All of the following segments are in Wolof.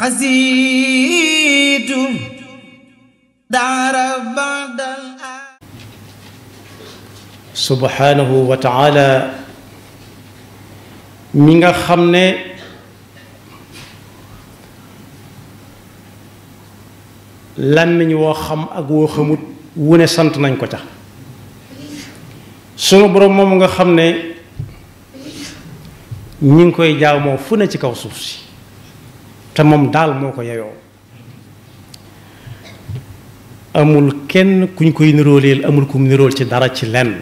سبحانه وتعالى ميغا خمني لم نيو خم اك و خموت وني سانت نانكو تا سونو بروم موم خمني نينكوي جامو فونا سي كاو سوفسي te moom daal moo ko yeyoo amul kenn kuñ koy nirooleel amul kum nirool ci dara ci lenn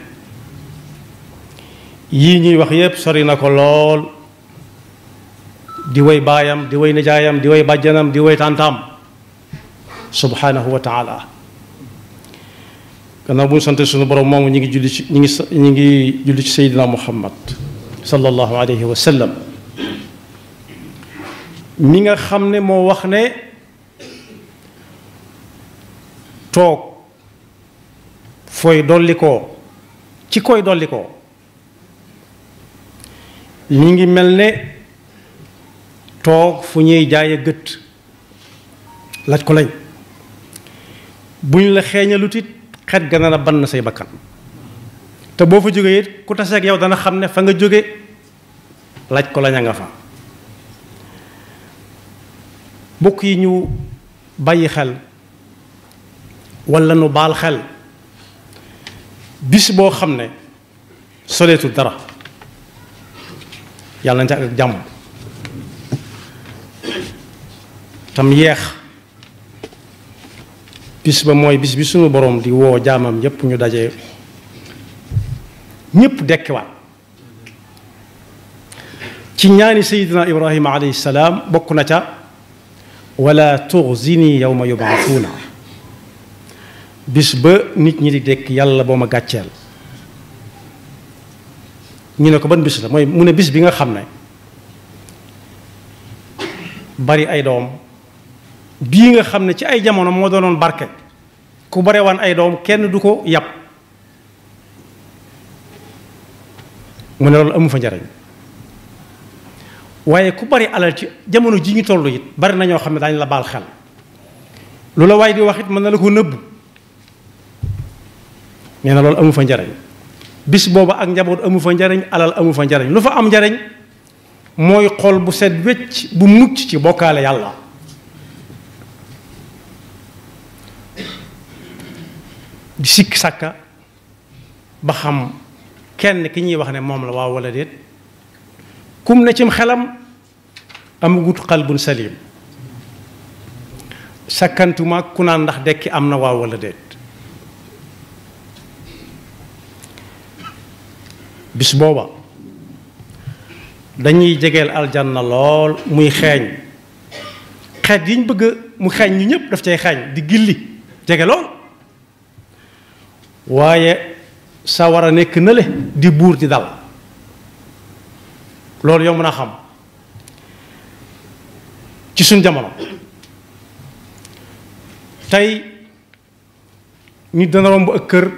yii ñuy wax yépp sori na ko lool di way baayam di way nijaayam di way bàjjanam di way tàntaam subhanahu wa taala gannaaw bu ñu sante suñu borom moomu ñi ngi julli ci ñi ngi ñi ngi julli ci seydina muhammad sallallahu alayhi wa sallam mi nga xam ne moo wax ne toog fooy dolli ko ci koy dolli ko mi ngi mel ne toog fu ñuy jaay a gët laaj ko lañ buñ la xeeñalut it xet ga na la ban na say bakkan te boo fa jógee it ku taseeg yow dana xam ne fa nga jóge laaj ko lañ a nga fa mbokk yi ñu bàyyi xel walla nu baal bis boo xam ne dara yàlla nañ ca ak jàmm tam yeex bis ba mooy bis bi sunu boroom di woo jaamam yépp ñu daje ñépp dekkiwaat ci ñaani sayidina ibrahima alayhi salaam bokk na ca wala tuxzini yawma yub'athuuna bis ba nit ñi di dekk yàlla boo ma gàcceel ñu ne ko ban bis la mooy mu ne bis bi nga xam ne bari ay doom bii nga xam ne ci ay jamono moo doonoon barke ku bare waan ay doom kenn du ko yàpp mu ne loolu amu fa njariñ waaye ku bari alal ci jamono ji ñu toll it bari na ñoo xam ne daañu la baal xel lu la waaye di wax it mën na la ko nëbb nee na loolu amu fa njariñ bis booba ak njaboot amu fa njariñ alal amu fa njariñ lu fa am njariñ mooy xol bu set wecc bu mucc ci bokkaale yàlla di sikk sàkka ba xam kenn ki ñuy wax ne moom la waaw walla déet kum ne cim xelam amagut xalbun salim sakkantuma ku naan ndax dekki am na waaw wala déet bis booba dañuy jegeel aljanna lool muy xeeñ xeet yiñ bëgg mu xeeñ ñu ñëpp daf cay xeeñ di gilli jege lool waaye a nekk nële di buur di dal loolu yow mën a xam ci suñ jamono tey ñu dana romb ak kër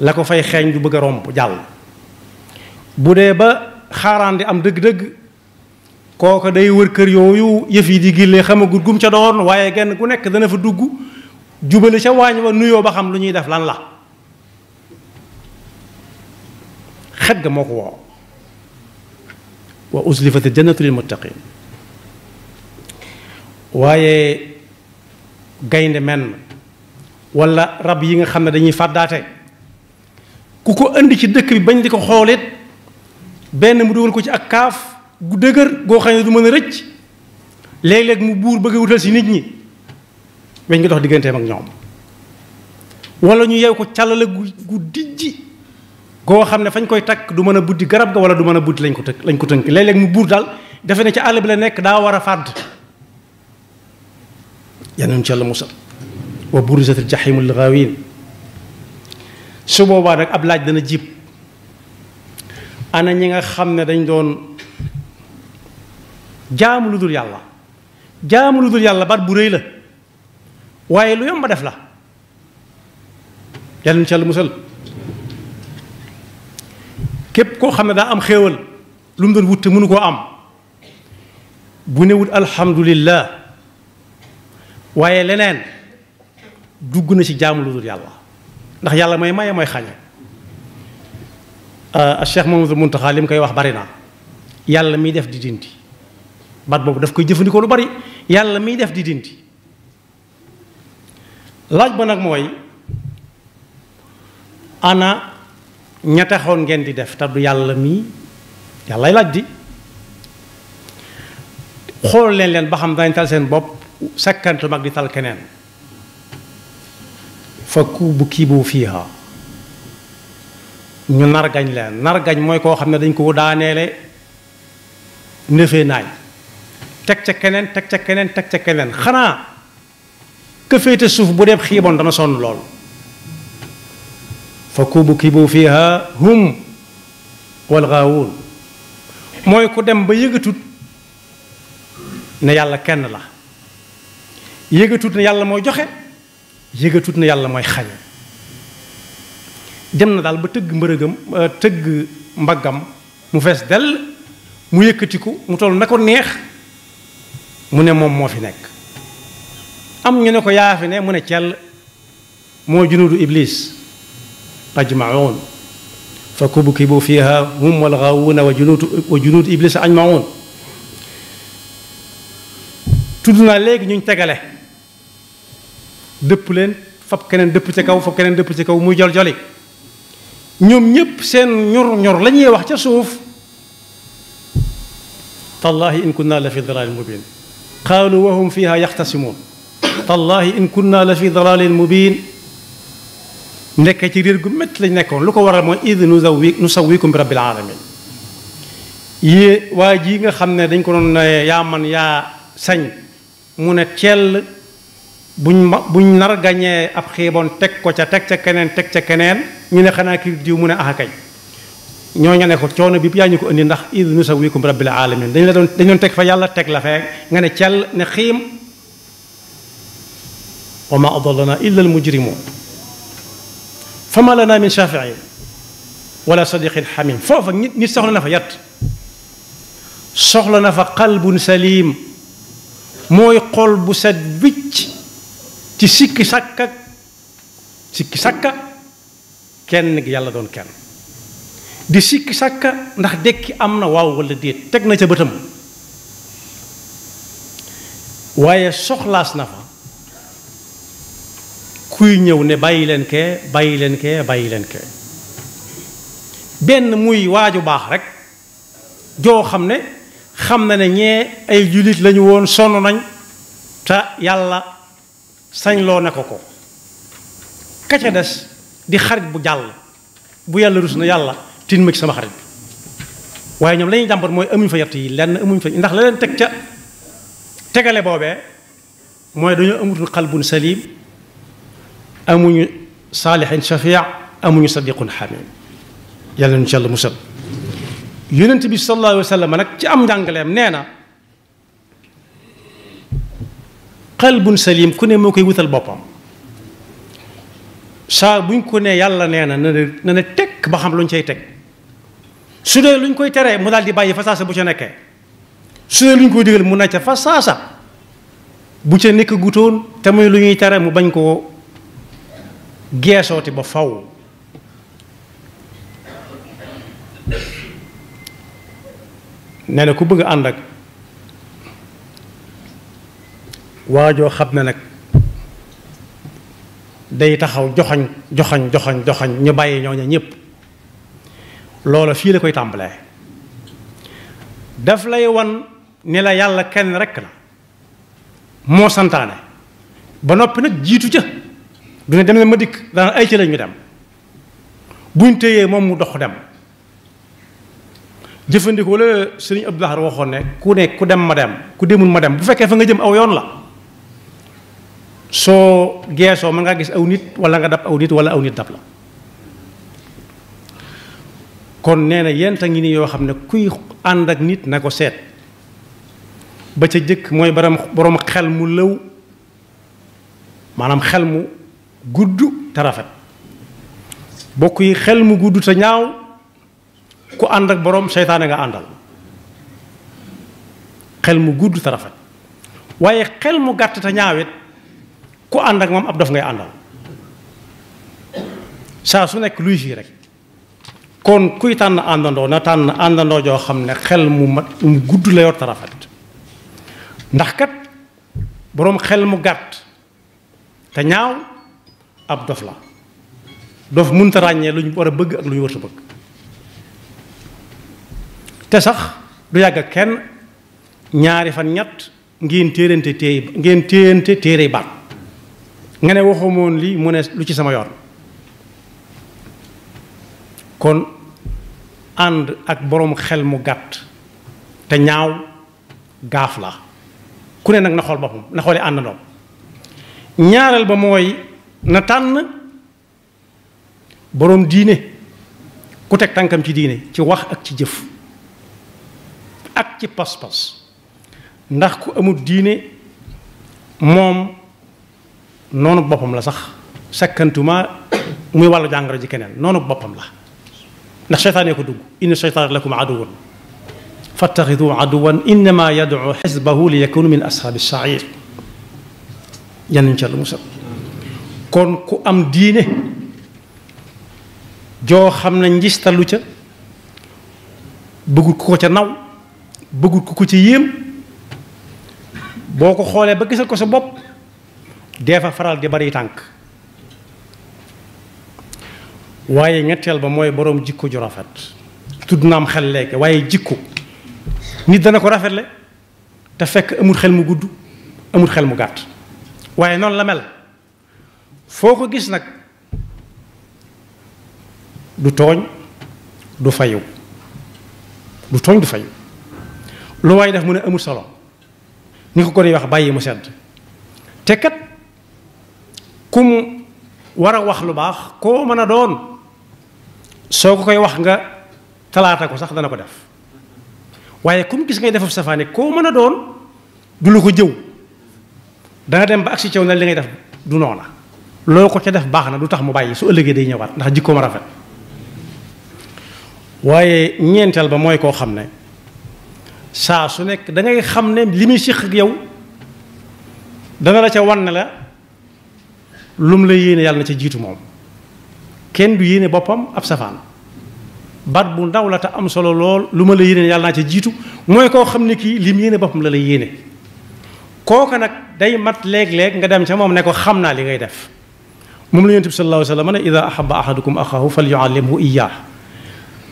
la ko fay xeeñ du bëgg a romb jàll bu dee ba xaaraan di am dëgg-dëgg kooka day wër kër yooyu yëf yi di gillee xamagut gum ca doon waaye genn ku nekk dana fa dugg jubale ca waañ wa nuyoo ba xam lu ñuy def lan la xet ga moo ko woo wa uslifati jannatu lil muttaqin waaye gaynde menn wala rab yi nga xam ne dañuy fàddaate ku ko indi ci dëkk bi bañ di ko xoolit benn mu dugal ko ci ak kaaf gu dëgër goo xam du mën a rëcc léeg-léeg mu buur bëgg wutal si nit ñi weñ ngi dox digganteem ak ñoom wala ñu yew ko calala gu gu dijji goo xam ne fañ koy takk du mën a buddi garab ga wala du mën a buddi lañ ko tënk lañ ko tënk léeg-léeg mu buur daal defe ne ci àll bi la nekk daa war a fàdd yanañ ci yàlla musal wa burizatil jahimu lil ghawin su boobaa ab laaj dana jib ana ñi nga xam ne dañ doon jaamu lu dul yàlla jaamu lu dul yàlla baat bu rëy la waaye lu yomba def la yanañ ci musal képp koo xam ne daa am xéewal lu mu doon wut te mënu koo am bu ne wut alhamdulillah waaye leneen dugg na ci jaamu lu dul yàlla ndax yàlla may maye mooy xañe Cheikh Mamadou Muntaxa li mu koy wax bari na yàlla miy def di dindi bat boobu daf koy jëfandikoo lu bari yàlla miy def di dindi laaj ba nag mooy ana ña taxoon ngeen di def te du yàlla mii yàllay laaj di xool leen leen ba xam dañ tal seen bopp sakkantu mag di tal keneen fa kuubu kiibu fiiha ñu nargañ leen nargañ mooy koo xam ne dañ koo daaneele nëfee naaj teg ca keneen teg ca keneen teg ca keneen xanaa ka suuf bu dee xiiboon dana sonn lool فكوبكبوا فيها هم والغاوون موي كو ديم با ييغاتوت نا يالا كين لا ييغاتوت نا يالا موي جوخه ييغاتوت نا يالا موي خاني ديم نا دال با تيغ مبرغم آه، تيغ مباغام مو فيس دل مو ييكاتيكو مو تول نكو نيه مو ني موم مو في نيك ام ني نكو يا في ني مو ني تيال مو جنود ابليس أجمعون فكبكبوا فيها هم والغاوون وجنود وجنود إبليس أجمعون تدنا ليك نين تقله دبلن فب كنن دبل تكاو فب كنن دبل تكاو مجال جالي نيوم نيب سن نور نور لني وقت يسوف تالله إن كنا لفي ضلال مبين قالوا وهم فيها يختصمون تالله إن كنا لفي ضلال مبين nek ci rir gu met lañ nekkon luko waral moy id nu sawi nu sawikum bi rabbil alamin yi waji nga xamne dañ ko doon ya man ya sañ mu ne cell buñ buñ nar gagné ab xébon tek ko ca tek ca kenen tek ca kenen ñu ne xana ki diw mu ne ax kay ñoo ñane ko coono bi yaa ñu ko andi ndax id nu sawikum bi rabbil alamin dañ la don dañ don tek fa yàlla tek la fe nga ne cell ne xim وما أضلنا إلا المجرمون فما لنا من شافعي ولا صديق حميم فوف ني سوخلنا فا يات سوخلنا فا قلب سليم موي قلب سد بيتش تي سيكي ساكا سيكي ساكا كين يالا دون كين دي سيكي ساكا ناخ ديكي امنا واو ولا ديت تك تي بتم وايي سوخلاس نافا kuy ñëw ne bàyyi leen kee bàyyi leen kee bàyyi leen kee benn muy waaju baax rek joo xam ne xam na ne ñee ay jullit lañu woon sonn nañ te yàlla sañ loo ne ko ko ka des di xarit bu jàll bu yàlla rus na yàlla tin ma ci sama xarit bi waaye ñoom lañuy jàmbat mooy amuñ fa yett yi lenn amuñ fa ndax la leen teg ca tegale boobee mooy dañoo amatul xalbun salim amuñu saalixin shafia amuñu sadiqun xamim yàlla nañu ci yàlla musal yonent bi sallallahu alayhi wa sallam nag ci am njàngaleem nee na qalbun salim ku ne moo koy wutal boppam saa buñ ko ne yàlla nee na na na ne tekk ba xam luñ cay teg su dee luñ koy teree mu daal di bàyyi fa saasa bu ca nekkee su dee luñ koy digal mu ne ca fa saasa bu ca nekk gutoon te muy lu ñuy tere mu bañ koo geesooti ba faw ne na ku bëgg ànd ak waajoo xam ne nag day taxaw joxoñ joxoñ joxoñ joxoñ ñu bàyyi ñooña ñëpp loola fii la koy tàmbalee daf lay wan ni la yàlla kenn rekk na moo santaane ba noppi nag jiitu ca dina dem ne ma dik da ay ci lañu dem buñ teyé mom mu dox dem jëfëndiko la serigne Abdou Lahad ne ku ne ku dem ma dem ku demul ma dem bu fekké fa nga jëm aw yoon la so gesso man nga gis aw nit wala nga dab aw nit wala aw nit dab la kon neena yeen ta ngi ni yo xamne kuy ànd ak nit nako set ba ca jëk moy borom borom xel mu leew manam xel mu gudd te rafet bokk yi xel mu gudd te ñaaw ku ànd ak borom seytaane nga àndal xel mu gudd te rafet waaye xel mu gàtt te ñaawit ku ànd ak moom ab daf ngay àndal saa su nekk luy fii rek kon kuy tànn àndandoo na tànn àndandoo joo xam ne xel mu mat mu gudd la yor te rafet ndax kat borom xel mu gàtt te ñaaw ab dof la dof munta ràññee lu ñu war a bëgg ak lu ñu warta bëgg te sax du yàgg ak kenn ñaari fan ñett ngeen téerante téey ngeen téerante téere baat nga ne waxumoon lii mu ne lu ci sama yoon kon ànd ak boroomu xel mu gàtt te ñaaw gaaf la ku ne nag na xool boppam na xooli àndandoom ñaareel ba mooy na tànn boroom diine ku teg tànkam ci diine ci wax ak ci jëf ak ci pas-pas ndax ku amul diine moom noonu boppam la sax sakkantuma muy wàllu jàngoro ji keneen noonu boppam la ndax seytaane ko dugg inna seytaan lakum aduwan fattaxidu aduwan innama yadcu xisbahu li yakunu min ashaabi sair yan ñu ca la musal kon ku am diine joo xam ne njistalu ca bëggul ku ko ca naw bëggul ku ko ca yéem boo ko xoolee ba gisal ko sa bopp dee fa faral di bari tànk waaye ñetteel ba mooy boroom jikko ju rafet tudd naam xel léegi waaye jikko nit dana ko rafetle te fekk amul xel mu gudd amul xel mu gàtt waaye noonu la mel foo ko gis nag du tooñ du fayu du tooñ du fayu lu waay def mu ne amul solo ni ko ko di wax bàyyi mu sedd te kat kum war a wax lu baax koo mën a doon soo ko koy wax nga talaata ko sax dana ko def waaye kum gis ngay defaf safaane koo mën a doon du la ko jëw dana dem ba agsi caw na li ngay def du noona loo ko ca def baax na du tax mu bàyyi su ëllëgee day ñëwaat ndax jikkoom rafet waaye ñeenteel ba mooy koo xam ne saa su nekk dangay xam ne li muy siq ak yow dana la ca wan ne la lum la yéene yàlla ca jiitu moom kenn du yéene boppam ab safaan bat bu ndaw la am solo lool lu ma la yéene yàlla naa ca jiitu mooy koo xam ne kii lim yéene boppam la lay yéene kooka nag day mat léeg-léeg nga dem ca moom ne ko xam naa li ngay def moom la yonent bi sallallahu alayhi wa sallam ne ida ahaba ahadukum axaahu fal yuallimhu iyaa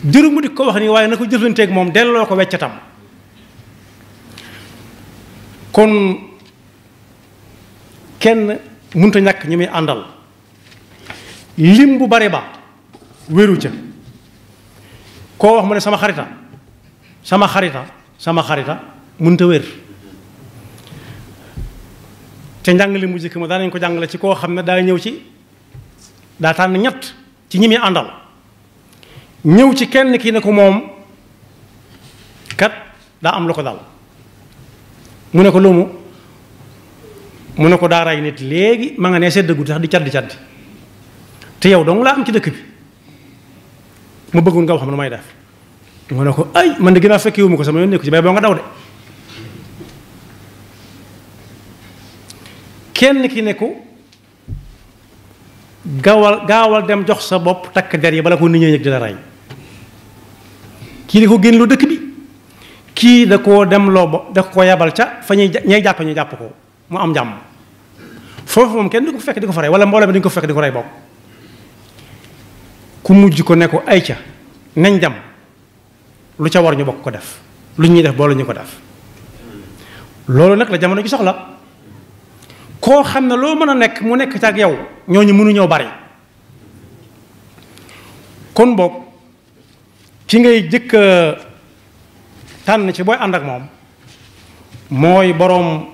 jëru mu di ko wax nii waaye na ko jëflanteeg moom delloo ko weccatam kon kenn munta ñàkk ñi muy àndal lim bu bare ba wéru ca koo wax mu ne sama xarita sama xarita sama xarita munta wér te njàng li mu jëkk ma daanañ ko jàngale ci koo xam ne daa ñëw ci daa tànn ñett ci ñi muy àndal ñëw ci kenn ki ne ko moom kat daa am lu ko dal mu ne ko lumu mu ne ko daa rey nit léegi ma nga nee sedd sax di caddi caddi te yow dong la am ci dëkk bi ma bëggoon nga xam ma nu may def mu ne ko ay man de ginnaaw fekkee wu ma ko sama yoon ko ci bay boo nga daw de kenn ki ne ko gaawal gaawal dem jox sa bopp takk der yi bala ko nit ñi yëg di la rey kii da ko génn lu dëkk bi kii da koo dem loo bo da ko yabal ca fa ñuy ñay jàpp ñu jàpp ko mu am njàmm foofu moom kenn du ko fekk di ko fa rey wala mbooloo dañ ko fekk di ko rey bokk ku mujj ko ne ko ay ca nañ dem lu ca war ñu bokk ko def lu ñuy def boole ñu ko def loolu nag la jamono ji soxla ko xam lo loo nek mu nek ci ak yow ñooñu ñoo bari kon bok ci ngay jëk tan ci boy and ak mom moy borom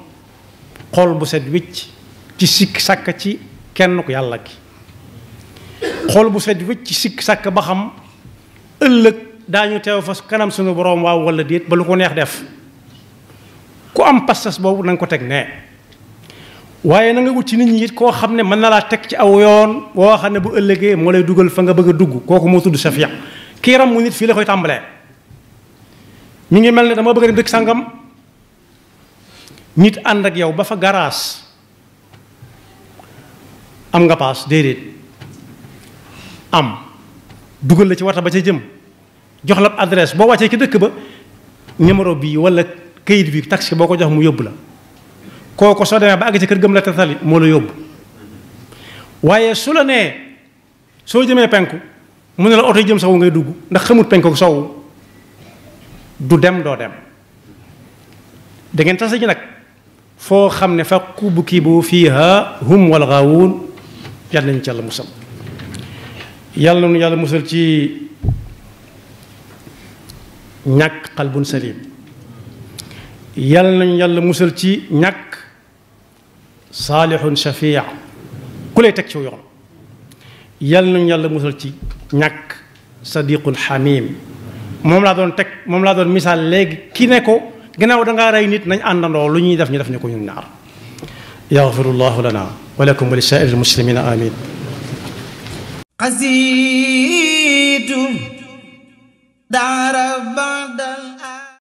xol bu set wicc ci sik sak ci kenn ko yalla gi xol bu set wicc ci sik sak ba xam ëlëk dañu tew fa kanam suñu borom waaw wala deet ba lu ko neex def ku am pastas bobu nang ko tek ne waye na nga wut ci nit ñi ko xamne man na ci aw yoon bo xamne bu ëllëgé mo lay duggal fa nga bëgg dugg koku mo tuddu shafiq ki ram mu nit fi la koy tambalé mi ngi melni dama bëgg sangam nit and ak yow ba fa garage am nga pass déedéet am duggal la ci warta ba ca jëm jox la adresse bo wàccee ci dëkk ba numéro bi wala kayit bi taxi boko jox mu kooku so demé ba ag ci kër gëm la tassali mo la yóbbu waye su la né so jëmé penku mu ne la auto jëm sowu ngay dugg ndax xamut penku ko du dem do dem da ngeen ji nak fo xamné fa kubuki bu fiha hum wal gaawuun yalla ñu ci yalla musal yalla ñu yalla musal ci ñak qalbun salim yalla ñu yalla musal ci ñak صالح شفيع كل تك شو يغلو يل نون يل مسلتي نك صديق حميم موم لا دون تك موم لا دون مثال ليغ كي نيكو غناو داغا راي نيت ناني اندو لو ني داف ني داف نيكو نار يغفر الله لنا ولكم ولسائر المسلمين امين قزيد دار بدل